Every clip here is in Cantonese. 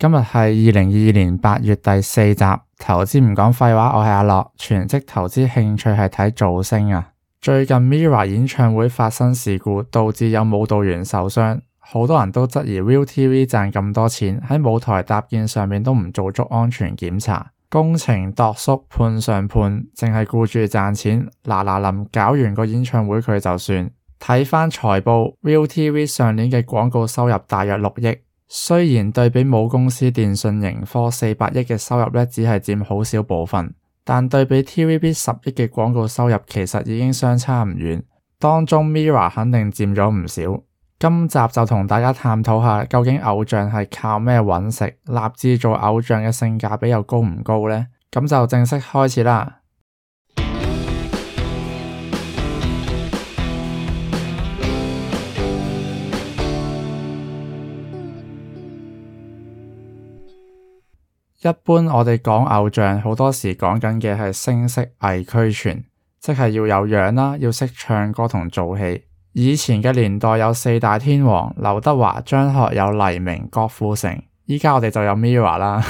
今日係二零二二年八月第四集，投資唔講廢話。我係阿樂，全職投資興趣係睇造星啊。最近 Mirror 演唱會發生事故，導致有舞蹈員受傷，好多人都質疑 ViuTV 賺咁多錢喺舞台搭建上面都唔做足安全檢查，工程度叔判上判，淨係顧住賺錢，嗱嗱臨搞完個演唱會佢就算。睇翻財報，ViuTV 上年嘅廣告收入大約六億。雖然對比母公司電訊盈科四百億嘅收入呢，只係佔好少部分，但對比 TVB 十億嘅廣告收入，其實已經相差唔遠。當中 Mira 肯定佔咗唔少。今集就同大家探討下，究竟偶像係靠咩揾食？立志做偶像嘅性價比又高唔高呢？咁就正式開始啦。一般我哋講偶像，好多時講緊嘅係聲色藝俱全，即係要有樣啦，要識唱歌同做戲。以前嘅年代有四大天王劉德華、張學友、黎明、郭富城，依家我哋就有 MIRROR 啦。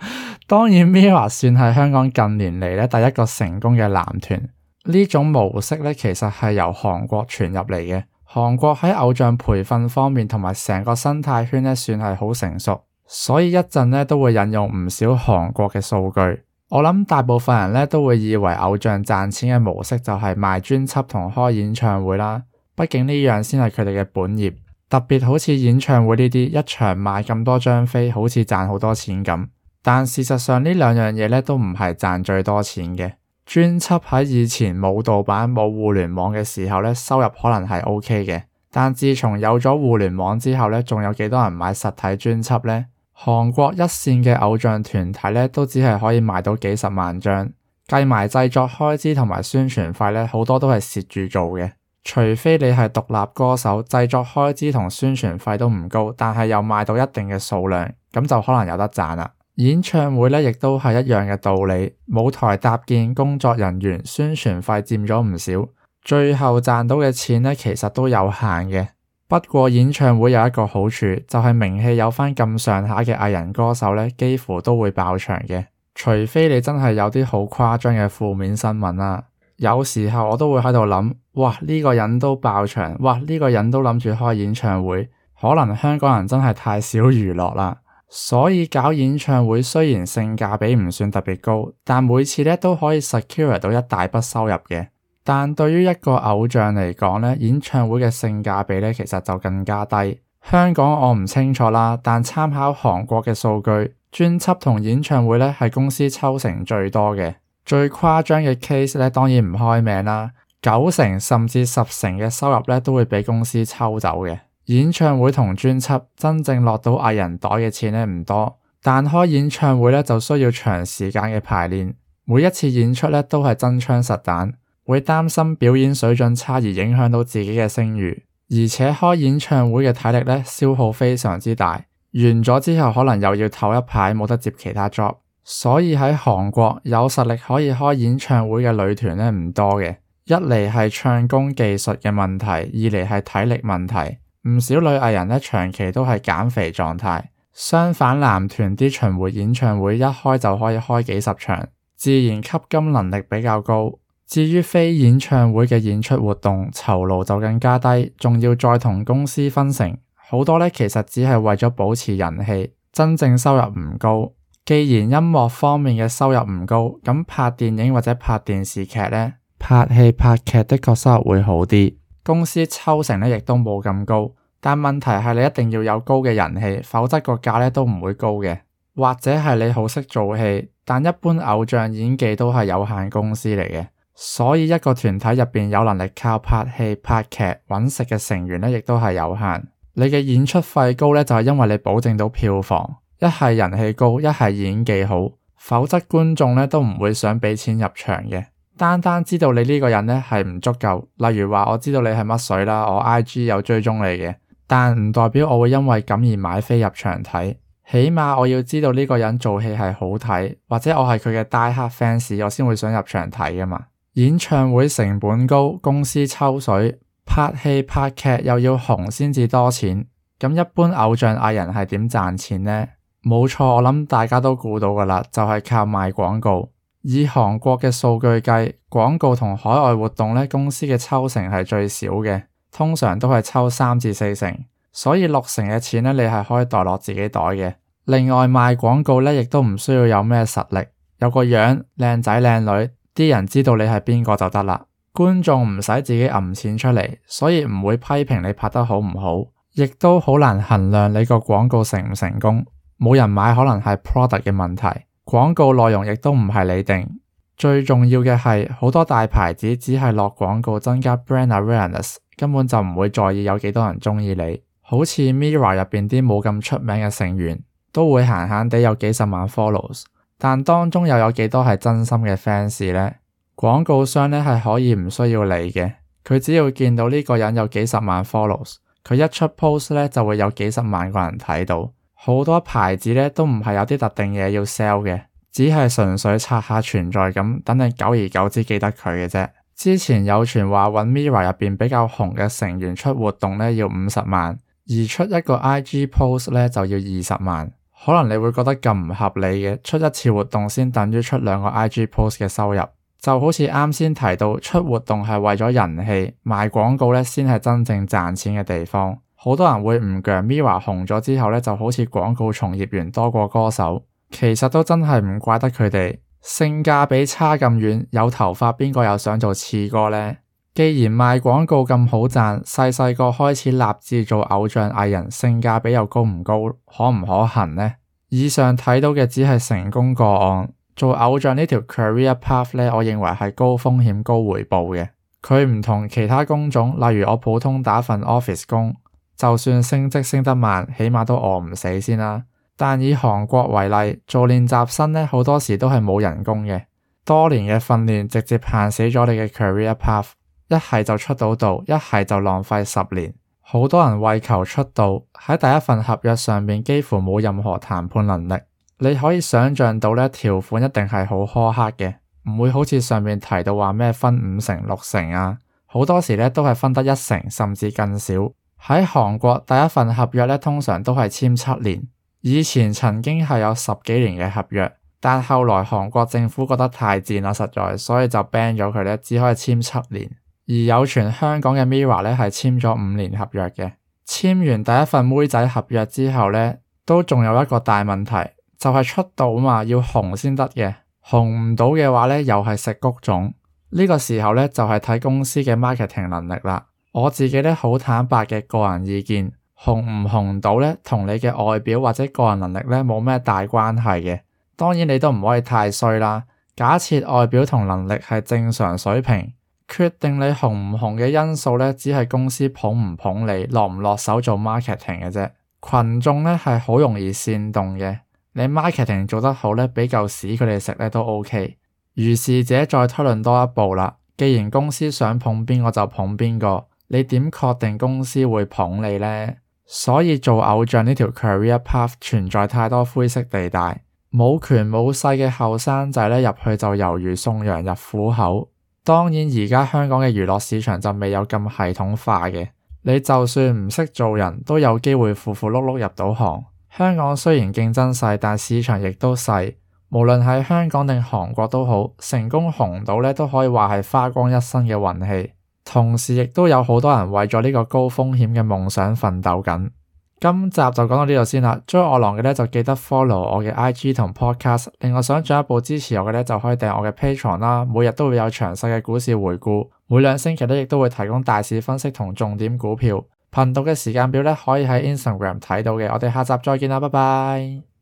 當然 MIRROR 算係香港近年嚟咧第一個成功嘅男團。呢種模式咧，其實係由韓國傳入嚟嘅。韓國喺偶像培訓方面同埋成個生態圈咧，算係好成熟。所以一陣咧都會引用唔少韓國嘅數據。我諗大部分人咧都會以為偶像賺錢嘅模式就係賣專輯同開演唱會啦。畢竟呢樣先係佢哋嘅本業，特別好似演唱會呢啲一場賣咁多張飛，好似賺好多錢咁。但事實上呢兩樣嘢咧都唔係賺最多錢嘅。專輯喺以前冇盜版、冇互聯網嘅時候咧，收入可能係 OK 嘅。但自從有咗互聯網之後咧，仲有幾多人買實體專輯咧？韓國一線嘅偶像團體呢，都只係可以賣到幾十萬張，計埋製作開支同埋宣傳費呢，好多都係蝕住做嘅。除非你係獨立歌手，製作開支同宣傳費都唔高，但係又賣到一定嘅數量，咁就可能有得賺啦。演唱會呢，亦都係一樣嘅道理，舞台搭建、工作人員、宣傳費佔咗唔少，最後賺到嘅錢呢，其實都有限嘅。不過演唱會有一個好處，就係、是、名氣有翻咁上下嘅藝人歌手呢，幾乎都會爆場嘅，除非你真係有啲好誇張嘅負面新聞啦、啊。有時候我都會喺度諗，哇呢、這個人都爆場，哇呢、這個人都諗住開演唱會，可能香港人真係太少娛樂啦。所以搞演唱會雖然性價比唔算特別高，但每次呢都可以 secure 到一大筆收入嘅。但對於一個偶像嚟講咧，演唱會嘅性價比咧，其實就更加低。香港我唔清楚啦，但參考韓國嘅數據，專輯同演唱會咧係公司抽成最多嘅。最誇張嘅 case 咧，當然唔開名啦，九成甚至十成嘅收入咧都會俾公司抽走嘅。演唱會同專輯真正落到藝人袋嘅錢咧唔多，但開演唱會咧就需要長時間嘅排練，每一次演出咧都係真槍實彈。會擔心表演水準差而影響到自己嘅聲譽，而且開演唱會嘅體力咧消耗非常之大，完咗之後可能又要唞一排冇得接其他 job，所以喺韓國有實力可以開演唱會嘅女團呢，唔多嘅。一嚟係唱功技術嘅問題，二嚟係體力問題，唔少女藝人咧長期都係減肥狀態。相反，男團啲巡迴演唱會一開就可以開幾十場，自然吸金能力比較高。至於非演唱會嘅演出活動，酬勞就更加低，仲要再同公司分成，好多呢，其實只係為咗保持人氣，真正收入唔高。既然音樂方面嘅收入唔高，咁拍電影或者拍電視劇呢，拍戲拍劇的確收入會好啲，公司抽成呢亦都冇咁高。但問題係你一定要有高嘅人氣，否則個價呢都唔會高嘅。或者係你好識做戲，但一般偶像演技都係有限公司嚟嘅。所以一個團體入邊有能力靠拍戲拍劇搵食嘅成員呢，亦都係有限。你嘅演出費高呢，就係因為你保證到票房，一係人氣高，一係演技好，否則觀眾呢都唔會想畀錢入場嘅。單單知道你呢個人呢係唔足夠，例如話我知道你係乜水啦，我 IG 有追蹤你嘅，但唔代表我會因為咁而買飛入場睇。起碼我要知道呢個人做戲係好睇，或者我係佢嘅 die hard fans，我先會想入場睇噶嘛。演唱會成本高，公司抽水，拍戲拍劇又要紅先至多錢，咁一般偶像藝人係點賺錢呢？冇錯，我諗大家都估到噶啦，就係靠賣廣告。以韓國嘅數據計，廣告同海外活動呢，公司嘅抽成係最少嘅，通常都係抽三至四成，所以六成嘅錢呢，你係可以袋落自己袋嘅。另外賣廣告呢，亦都唔需要有咩實力，有個樣靚仔靚女。啲人知道你係邊個就得啦，觀眾唔使自己揞錢出嚟，所以唔會批評你拍得好唔好，亦都好難衡量你個廣告成唔成功。冇人買可能係 product 嘅問題，廣告內容亦都唔係你定。最重要嘅係，好多大牌子只係落廣告增加 brand awareness，根本就唔會在意有幾多人鍾意你。好似 MIRROR 入邊啲冇咁出名嘅成員，都會閒閒地有幾十萬 follows。但當中又有幾多係真心嘅 fans 呢？廣告商呢係可以唔需要理嘅，佢只要見到呢個人有幾十萬 follows，佢一出 post 呢就會有幾十萬個人睇到。好多牌子呢都唔係有啲特定嘢要 sell 嘅，只係純粹刷下存在感，等你久而久之記得佢嘅啫。之前有傳話揾 Mirror 入邊比較紅嘅成員出活動呢要五十萬，而出一個 IG post 呢就要二十萬。可能你會覺得咁唔合理嘅，出一次活動先等於出兩個 IG post 嘅收入。就好似啱先提到出活動係為咗人氣賣廣告咧，先係真正賺錢嘅地方。好多人會唔強 Mirror 紅咗之後咧，就好似廣告從業員多過歌手，其實都真係唔怪得佢哋，性價比差咁遠，有頭髮邊個又想做次歌呢？既然賣廣告咁好賺，細細個開始立志做偶像藝人，性價比又高唔高，可唔可行呢？以上睇到嘅只係成功個案，做偶像呢條 career path 呢，我認為係高風險高回報嘅。佢唔同其他工種，例如我普通打份 office 工，就算升職升得慢，起碼都餓唔死先啦。但以韓國為例，做練習生呢，好多時都係冇人工嘅，多年嘅訓練直接限死咗你嘅 career path。一係就出到道，一係就浪費十年。好多人為求出道，喺第一份合約上面幾乎冇任何談判能力。你可以想象到呢，條款一定係好苛刻嘅，唔會好似上面提到話咩分五成六成啊，好多時呢都係分得一成甚至更少。喺韓國，第一份合約呢，通常都係簽七年。以前曾經係有十幾年嘅合約，但後來韓國政府覺得太賤啦，實在所以就 ban 咗佢，呢只可以簽七年。而有傳香港嘅 MIRROR 咧，係簽咗五年合約嘅。簽完第一份妹仔合約之後咧，都仲有一個大問題，就係出道嘛，要紅先得嘅。紅唔到嘅話咧，又係食谷種呢個時候咧，就係睇公司嘅 marketing 能力啦。我自己咧，好坦白嘅個人意見，紅唔紅到咧，同你嘅外表或者個人能力咧冇咩大關係嘅。當然你都唔可以太衰啦。假設外表同能力係正常水平。決定你紅唔紅嘅因素咧，只係公司捧唔捧你，落唔落手做 marketing 嘅啫。群眾咧係好容易煽動嘅，你 marketing 做得好咧，畀嚿屎佢哋食咧都 ok。如是者再推論多一步啦，既然公司想捧邊個就捧邊個，你點確定公司會捧你咧？所以做偶像呢條 career path 存在太多灰色地帶，冇權冇勢嘅後生仔咧入去就猶如送羊入虎口。當然，而家香港嘅娛樂市場就未有咁系統化嘅。你就算唔識做人都有機會糊糊碌碌入到行。香港雖然競爭細，但市場亦都細。無論喺香港定韓國都好，成功紅到都可以話係花光一生嘅運氣。同時亦都有好多人為咗呢個高風險嘅夢想奮鬥緊。今集就講到這裏呢度先啦。追我郎嘅呢就記得 follow 我嘅 IG 同 podcast。另外想進一步支持我嘅呢就可以訂我嘅 Patreon 啦。每日都會有詳細嘅股市回顧，每兩星期呢，亦都會提供大市分析同重點股票。頻道嘅時間表呢，可以喺 Instagram 睇到嘅。我哋下集再見啦，拜拜。